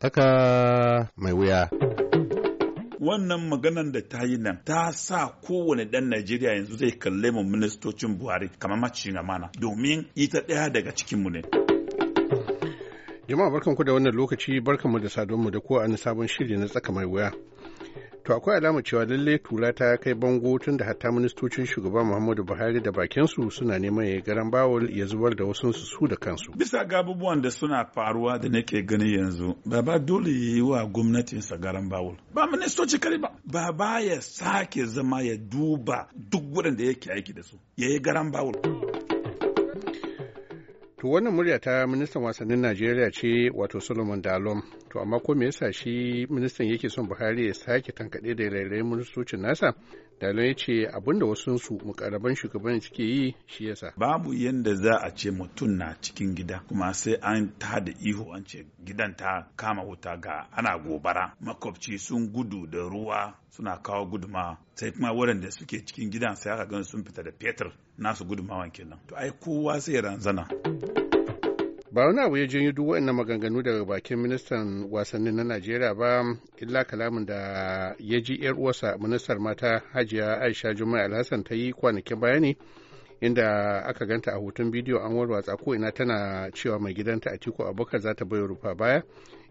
tsaka mai wuya. Wannan maganan da ta yi nan ta sa kowane ɗan Najeriya yanzu zai kalle mu ministocin Buhari kamar macin amana domin ita ɗaya daga cikinmu ne. Jama'a barkanku da wannan lokaci barkanmu da sadonmu da kowa sabon shiri na tsaka mai wuya. to akwai alama cewa lalle tura ta kai bango tun da hatta ministocin shugaba muhammadu buhari da bakinsu suna neman ya garan bawul ya zubar da wasu su da kansu bisa ga abubuwan da suna faruwa da nake gani yanzu baba dole ya yi wa gwamnatinsa garan bawul ba ministoci kare ba baba ya sake zama ya duba duk wurin da yake aiki da su ya yi garan bawul. To wannan murya ta ministan wasannin Najeriya ce wato Solomon Dalom. To amma ko me yasa shi ministan yake son Buhari ya sake tankaɗe da rairayin ministocin nasa? Dala ya ce abinda wasunsu mukarraban shugaban suke yi shi yasa. Babu yadda za a ce mutum na cikin gida kuma sai an ta da ihu an ce gidan ta kama wuta ga ana gobara. Makwabci sun gudu da ruwa suna kawo guduma sai kuma waɗanda suke cikin gidan sai aka gan sun fita da fetur nasu gudumawan kenan. To ai kowa sai ranzana. ba wani abu ya janyo duk waɗannan maganganu daga bakin ministan wasanni na najeriya ba illa kalamin da ya ji yar uwarsa ministar mata hajiya aisha juma'a alhassan ta yi kwanakin baya ne inda aka ganta a hoton bidiyo an warwatsa ko ina tana cewa mai gidanta a tiko abokan za ta bayar rufa baya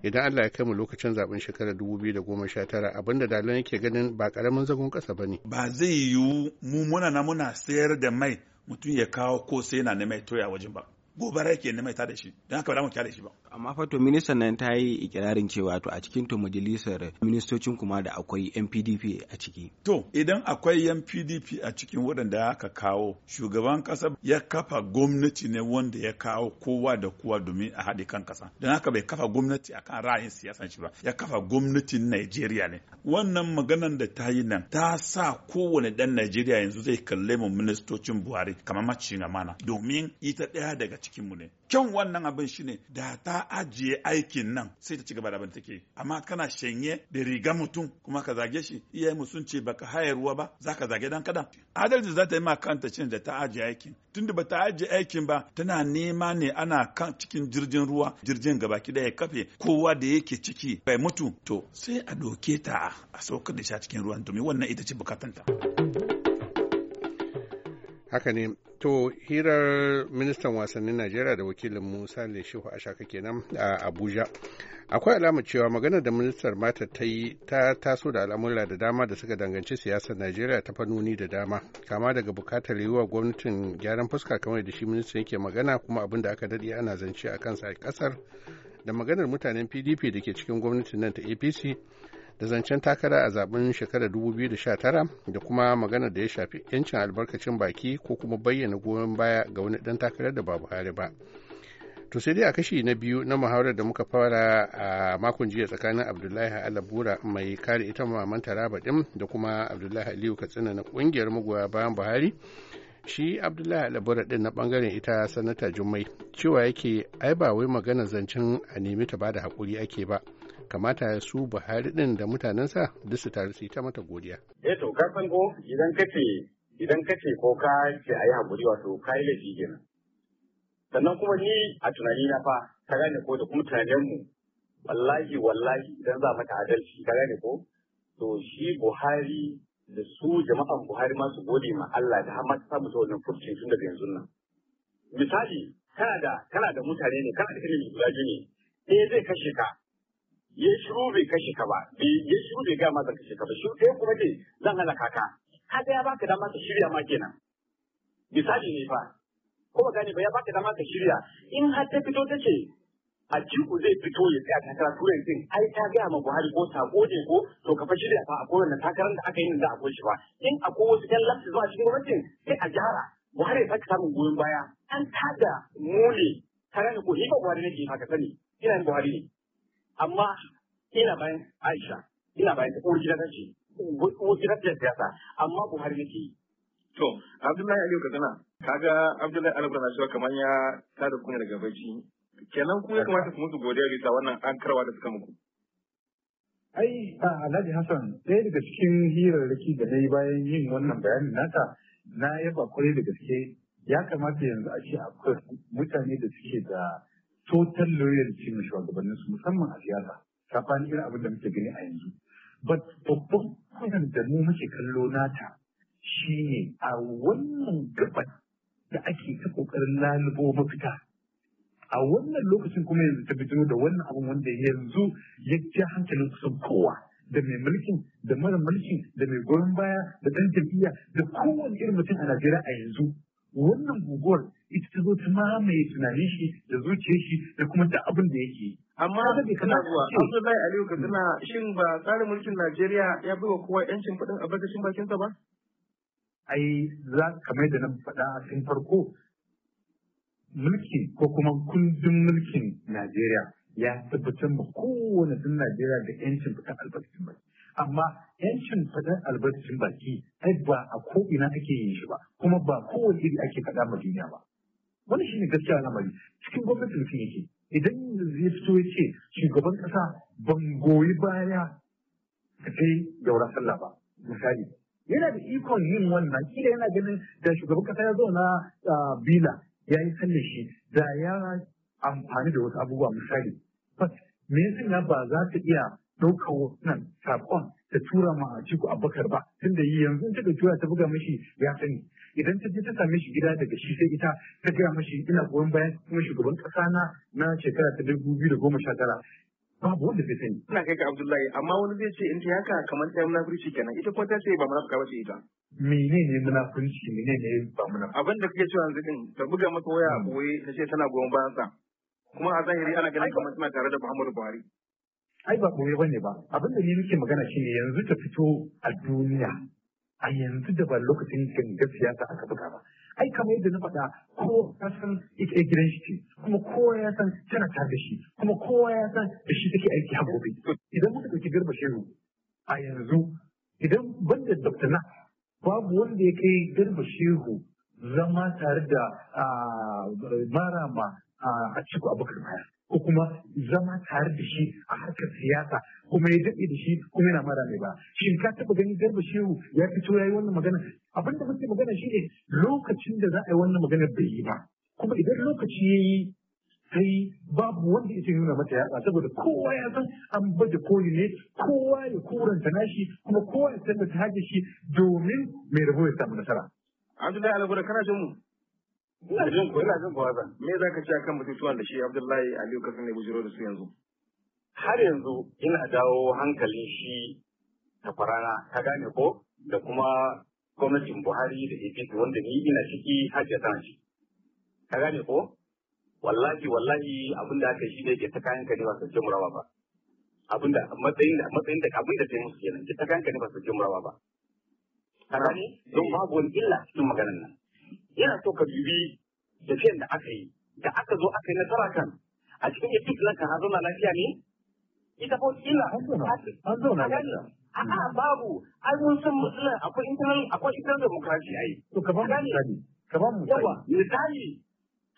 idan allah ya kai mu lokacin zaben shekarar 2019 abinda dalan yake ganin ba karamin zagon kasa ba ne ba zai yiwu mu muna na muna sayar da mai mutum ya kawo ko sai na na mai toya wajen ba gobara yake ne mai tada shi don haka ba mu kyale shi ba amma fa to ministan nan ta yi ikirarin cewa to a cikin to majalisar ministocin kuma da akwai NPDP a ciki to idan akwai NPDP a cikin waɗanda aka kawo shugaban ƙasa ya kafa gwamnati ne wanda ya kawo kowa da kowa domin a haɗe kan kasa. don haka bai kafa gwamnati akan ra'ayin siyasan shi ba ya kafa gwamnatin Najeriya ne wannan maganar da ta yi nan ta sa kowane ɗan Najeriya yanzu zai kalle mu ministocin Buhari kamar macin amana domin ita ɗaya daga cikinmu ne kyan wannan abin shine da ta ajiye aikin nan sai ta ci gaba da abin take amma kana shanye da riga mutum kuma ka zage shi iyaye mu sun ce baka hayarwa ba zaka zage dan kadan adalci za ta yi ma kanta cin da ta ajiye aikin tunda bata ajiye aikin ba tana nema ne ana kan cikin jirgin ruwa jirgin gaba ki ya kafe kowa da yake ciki bai mutu to sai a doke ta a saukar da shi a cikin ruwan domin wannan ita ce bukatanta haka ne To hirar ministan wasannin Najeriya da wakilin Musa Leshihu a shaka kenan a Abuja. Akwai alama cewa magana da ministar mata ta yi ta taso da al'amura da dama da suka danganci siyasar Najeriya ta fannoni da dama. Kama daga bukatar yiwuwa gwamnatin gyaran fuska kamar da shi ministan yake magana kuma abin da aka daɗe ana zance a kansa a ƙasar da maganar mutanen PDP da ke cikin gwamnatin nan ta APC da zancen takara a zaben shekarar 2019 da kuma magana da ya shafi 'yancin albarkacin baki ko kuma bayyana goyon baya ga wani dan takarar da ba buhari ba to sai dai a kashi na biyu na muhawarar da muka fara a makon jiya tsakanin abdullahi alabura mai kare ita maman taraba din da kuma abdullahi aliyu katsina na kungiyar magoya bayan buhari shi abdullahi alabura din na bangaren ita sanata jummai cewa yake ai ba wai magana zancen a nemi ta bada hakuri ake ba kamata su buhari din da mutanensa duk su taru su yi ta mata godiya eh to ka san ko idan ce idan ce ko ka ce ayi hakuri wato kai laifi kenan sannan kuma ni a tunani na fa ka gane ko da kuma tunanin mu wallahi wallahi idan za mata adalci ka gane ko to shi buhari da su jama'an buhari masu su gode ma Allah da har ma ta samu wannan furci tun daga yanzu nan misali kana da kana da mutane ne kana da ilimi guda ne eh zai kashe ka ya shiru bai kashe ka ba ya shiru bai gaya da kashe ka ba shiru ɗaya kuma ce zan halaka ka ga ya baka dama ka shirya ma kenan misali ne fa ko ba gane ba ya baka dama ka shirya in har ta fito ta ce a jiku zai fito ya tsaya takara turai din ai ta gaya ma Buhari ko sako ne ko to ka fa shirya fa a kowane takarar da aka yi nan da akwai shi ba in akwai wasu kan lafi zuwa cikin gwamnatin sai a gyara Buhari ya saka samun goyon baya an tada mole tare da ko ni buhari ne ke haka sani ina Buhari ne amma ina bayan Aisha ina bayan uwar gida ta ce uwar ta siyasa amma Buhari yake To Abdullahi Aliyu Kaduna kaga Abdullahi Aliyu na shiwa kamar ya tada kunya daga bacci kenan ku ya kamata ku mutu godiya bisa wannan an karwa da suka muku. Ai a Alhaji Hassan ɗaya daga cikin hirarraki da na yi bayan yin wannan bayanin nata na yaba kwarai da gaske ya kamata yanzu a ce akwai mutane da suke da total loyalty na shugabannin su musamman a siyasa sabanin irin abin da muke gani a yanzu but babban kuran da mu muke kallo nata shine a wannan gaban da ake ta kokarin lalubo mafita a wannan lokacin kuma yanzu ta fito da wannan abin wanda yanzu ya ja hankalin kusan kowa da mai mulkin da mara mulki, da mai goyon baya da ɗan jam'iyya da kowane irin mutum a Najeriya a yanzu wannan guguwar ita ta zo ta mamaye tunanin shi da zuciyar shi da kuma da abin da yake yi. Amma kana zuwa Abdullahi Aliyu Katsina shin ba tsarin mulkin Najeriya ya bai wa kowa yancin faɗin albarkacin bakinsa ba? Ai za mai da na faɗa a cikin farko mulki ko kuma kundin mulkin Najeriya ya tabbatar ma kowane ɗan Najeriya da yancin fitar albarkacin baki. amma yancin faɗar albarkacin baki ai ba a ko'ina ake yin shi ba kuma ba kowace iri ake faɗa ma duniya ba wani shine gaskiya lamari cikin gwamnati mutum yake idan ya fito ya ce shugaban ƙasa ban goyi baya ka kai yaura sallah ba misali yana da ikon yin wannan kila yana ganin da shugaban ƙasa ya zo na bila ya yi sallah shi da ya amfani da wasu abubuwa misali me yasa ba za ta iya ɗaukar wannan saƙon ta tura ma Atiku Abubakar ba tun da yi yanzu ta tura ta buga mashi ya sani idan ta je ta same shi gida daga shi sai ita ta gaya mashi, ina goyon bayan kuma shugaban ƙasa na na shekara ta dubu biyu da goma sha tara babu wanda zai sani. Ina kai ga Abdullahi amma wani zai ce in ta yaka kamar ta munafurci kenan ita kuma ta ce ba munafuka ba ce ita. Menene munafurci menene ba munafuka. Abin da kake cewa yanzu din ta buga masa waya a boye ta ce tana goyon bayan sa. Kuma a zahiri ana ganin kamar tana tare da Muhammadu Buhari. ai ba ɓoye ba ne ba abinda ni nake magana shine yanzu ta fito a duniya a yanzu da ba lokacin gangar siyasa aka buga ba ai kamar yadda na faɗa ko ta san ita gidan shi ce kuma kowa ya san tana tare da shi kuma kowa ya san da shi take aiki a gobe idan muka ɗauki garba shehu a yanzu idan banda dr na babu wanda ya kai garba shehu zama tare da ah, marama a ah, cikin abokan baya ko kuma zama tare da shi a harkar siyasa kuma ya daɗe da shi kuma yana mara mai ba shin ka taɓa ganin garba shehu ya fito ya yi wannan magana abin da muke magana shi ne lokacin da za a yi wannan magana bai yi ba kuma idan lokaci ya yi sai babu wanda yake nuna mata yatsa saboda kowa ya san an baje koli ne kowa ya kuranta nashi kuma kowa ya san da ta hajji shi domin mai rabo ya samu nasara. Abdullahi ka kana jin mu? Ina jin ko ina jin ko haza. Me za ka ce akan batutuwan da shi Abdullahi Aliyu Kasim ne bujiro da su yanzu? Har yanzu ina dawo hankalin shi ta farana ka gane ko da kuma gwamnatin Buhari da APC wanda ni ina ciki hajja tana shi. Ka gane ko? Wallahi wallahi abin da aka shi da yake ta kayan ka ne ba sauke murawa ba. Abin da matsayin da matsayin da abin da ta yi musu kenan ta kayan ka ne ba sauke murawa ba. Ka gane? Don babu wani illa cikin maganar nan. yana so ka dubi tafiyan da aka yi da aka zo aka yi nasara kan a cikin ya epic na kan zauna lafiya ne ita ko kila a zauna lafiya a'a babu ai mun san matsalar akwai internal akwai internal democracy ai to ka ba mu ka yawa misali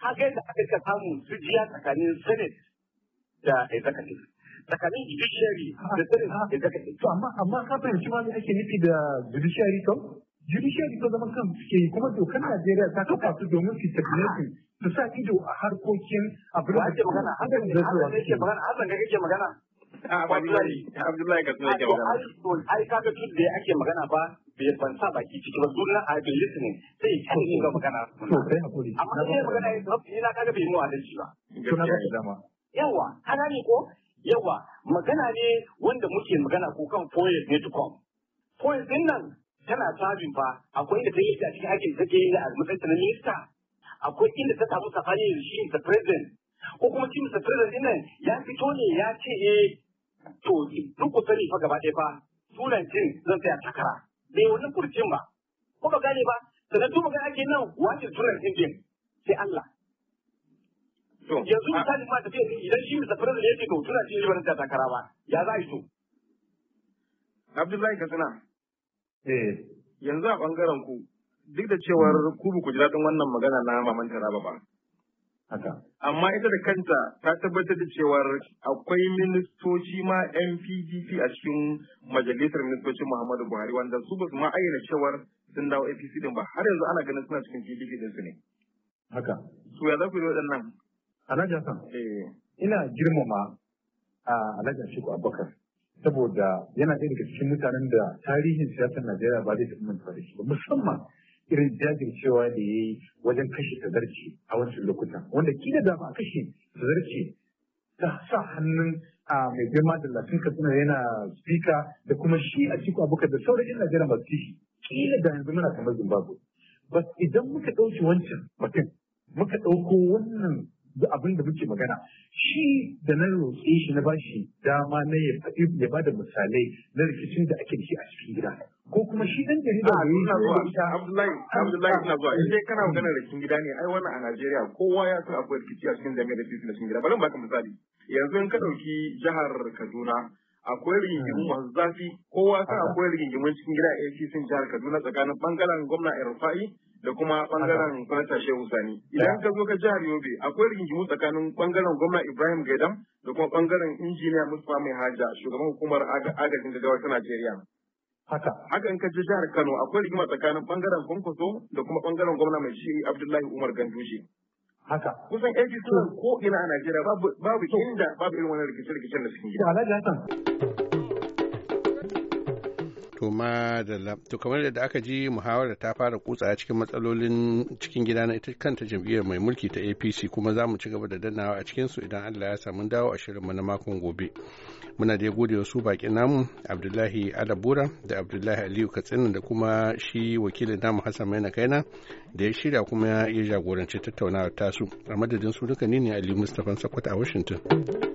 ka ga da aka ka samu sujiya tsakanin senate da executive tsakanin judiciary da ah, senate ah. da executive to amma amma ka fahimci ma me ake nufi da judiciary kan judiciary ta zama kan suke yi kuma dokar Najeriya ta kafa su domin su tafiye su sa ido a harkokin abin da ake magana hakan da zuwa magana hakan da magana ah, Abdullahi Abdullahi ka tsaye ke magana ai kaga tun da ake magana ba bai ban sa baki ciki ba dole a bin listening sai kai ne ga magana to kai hakuri amma sai magana ya tafi kaga bai mu adalci ba to na ga dama yawa kana ne ko yawa magana ne wanda muke magana ko kan foyer ne tukom foyer din nan tana sabin ba akwai da ta yi a cikin aikin take yi a matsayin na minista akwai inda ta samu safari da shi Mr. President ko kuma shi Mr. President din nan ya fito ne ya ce eh to duk ku sani fa gaba ɗaya fa turancin zan tsaya takara bai wani kurcin ba ko ba gane ba sannan duk magana ake nan wace turancin din sai Allah yanzu misali ma tafiya idan shi Mr. President ya ce to turancin ne ba zan tsaya takara ba ya za a yi to Abdullahi Katsina. Eh, yanzu a bangaren ku duk da cewar hmm. ku ku ji daɗin wannan magana na maman Taraba ba. Amma ita da kanta ta tabbatar da cewar akwai ministoci ma NPDP a cikin majalisar ministocin Muhammadu Buhari wanda su ba su ma ayyana cewar sun dawo APC din ba har yanzu ana ganin suna cikin PDP din su ne. Haka. Su ya za ku yi waɗannan? Alhaji Hassan. Eh. Ina girmama a ah, Alhaji Shiku Abubakar. saboda yana ɗaya daga cikin mutanen da tarihin siyasar Najeriya ba zai taɓa manta da shi ba musamman irin jajircewa da ya yi wajen kashe tazarci a wasu lokuta wanda kila da ba kashe tazarci ta sa hannun a mai girma da latin katsina yana spika da kuma shi a cikin abokan da sauran yan Najeriya masu shi kila da yanzu muna kamar Zimbabwe. Bas idan muka ɗauki wancan mutum muka ɗauko wannan da abin da muke magana shi da na roƙe shi na bashi dama na ya bada misalai na rikicin da ake da shi a cikin gida ko kuma shi dan jarida ah, ne ina ita Abdullahi Abdullahi na zuwa in kana ah. magana rikicin gida ne ai wannan a Najeriya kowa ya san akwai rikici a cikin jami'a da cikin gida bari mu baka misali yanzu in ka ɗauki jihar Kaduna akwai rigingimu ah. masu zafi kowa sa akwai rigingimun cikin gida a APC jihar Kaduna tsakanin bangaren gwamna Rufai da kuma bangaren Fanta Shehu Sani. Idan ka zo ka jihar Yobe akwai rigingimu tsakanin bangaren gwamna Ibrahim Gaidam da kuma bangaren injiniya Mustapha Mai Haja shugaban hukumar agajin gaggawa ta Najeriya. Haka. Haka in ka je jihar Kano akwai rigima tsakanin bangaren Kwankwaso da kuma bangaren gwamna mai shi Abdullahi Umar Ganduje. haka kusan APC ko ina a Najeriya babu inda babu irin wani rikice-rikicen da suke yi. To to kamar yadda aka ji muhawara ta fara kutsa cikin matsalolin cikin gida na ita kanta jam'iyyar mai mulki ta APC kuma za mu ci gaba da dannawa a cikin su idan Allah ya samu dawo a shirinmu na makon gobe. Muna da gode wasu baƙin namu Abdullahi Alabura da Abdullahi Aliyu Katsina da kuma shi wakilin namu Hassan Maina Kaina da ya shirya kuma ya jagoranci tattaunawar tasu. A madadin su duka ne ne Aliyu Mustapha Sakwata a Washington.